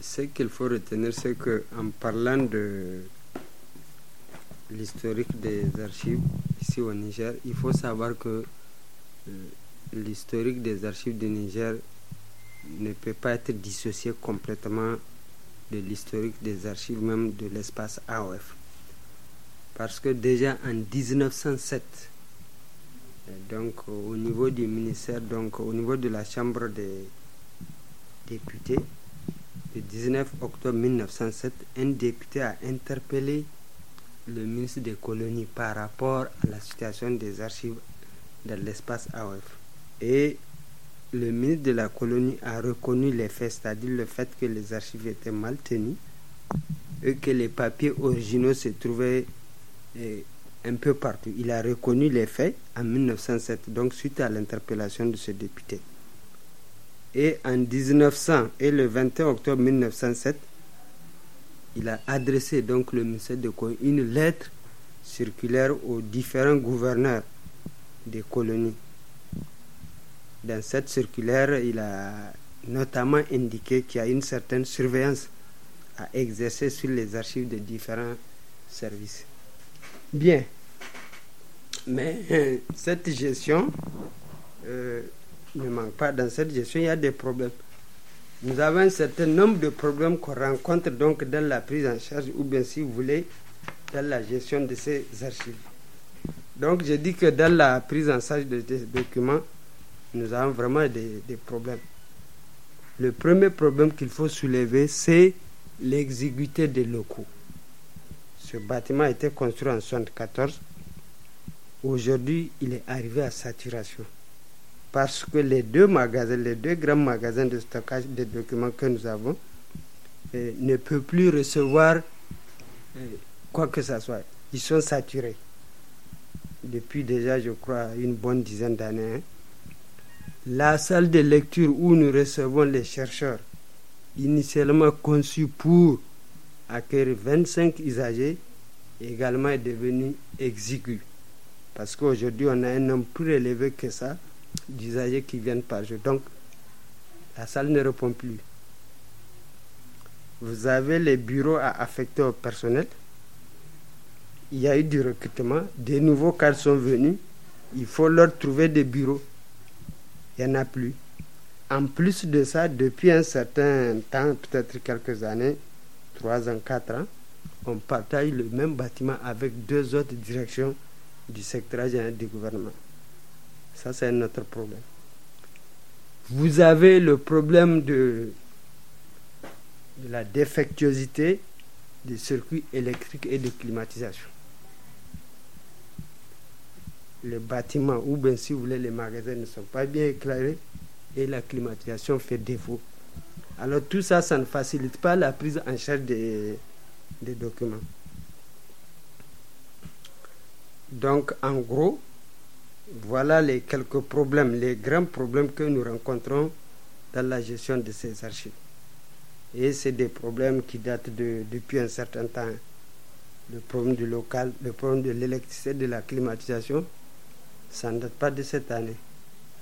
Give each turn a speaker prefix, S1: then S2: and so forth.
S1: ce qu'il faut retenir, c'est qu'en parlant de l'historique des archives ici au Niger, il faut savoir que eh, l'historique des archives du Niger ne peut pas être dissocié complètement de l'historique des archives même de l'espace AOF. Parce que déjà en 1907, euh, donc au niveau du ministère, donc au niveau de la Chambre des députés, le 19 octobre 1907, un député a interpellé le ministre des Colonies par rapport à la situation des archives dans l'espace AOF. Et le ministre de la Colonie a reconnu les faits, c'est-à-dire le fait que les archives étaient mal tenues et que les papiers originaux se trouvaient eh, un peu partout. Il a reconnu les faits en 1907, donc suite à l'interpellation de ce député. Et en 1900 et le 21 octobre 1907, il a adressé donc le ministère de quoi une lettre circulaire aux différents gouverneurs des colonies. Dans cette circulaire, il a notamment indiqué qu'il y a une certaine surveillance à exercer sur les archives des différents services. Bien. Mais euh, cette gestion euh, ne manque pas dans cette gestion, il y a des problèmes. Nous avons un certain nombre de problèmes qu'on rencontre donc dans la prise en charge ou bien si vous voulez dans la gestion de ces archives. Donc je dis que dans la prise en charge de ces documents, nous avons vraiment des, des problèmes. Le premier problème qu'il faut soulever, c'est l'exiguïté des locaux. Ce bâtiment a été construit en 1974. Aujourd'hui, il est arrivé à saturation parce que les deux magasins, les deux grands magasins de stockage des documents que nous avons euh, ne peuvent plus recevoir euh, quoi que ce soit. Ils sont saturés depuis déjà, je crois, une bonne dizaine d'années. Hein. La salle de lecture où nous recevons les chercheurs, initialement conçue pour accueillir 25 usagers, également est devenue exiguë. Parce qu'aujourd'hui, on a un nombre plus élevé que ça d'usagers qui viennent par jour. Donc, la salle ne répond plus. Vous avez les bureaux à affecter au personnel. Il y a eu du recrutement. Des nouveaux cadres sont venus. Il faut leur trouver des bureaux. Il n'y en a plus. En plus de ça, depuis un certain temps, peut-être quelques années, trois ans, quatre ans, on partage le même bâtiment avec deux autres directions du secteur général du gouvernement. Ça, c'est notre problème. Vous avez le problème de, la défectuosité des circuits électriques et de climatisation. Les bâtiments, ou bien si vous voulez, les magasins ne sont pas bien éclairés et la climatisation fait défaut. Alors tout ça, ça ne facilite pas la prise en charge des documents. Donc en gros, voilà les quelques problèmes, les grands problèmes que nous rencontrons dans la gestion de ces archives. Et c'est des problèmes qui datent de, depuis un certain temps. Le problème du local, le problème de l'électricité, de la climatisation, ça ne date pas de cette année.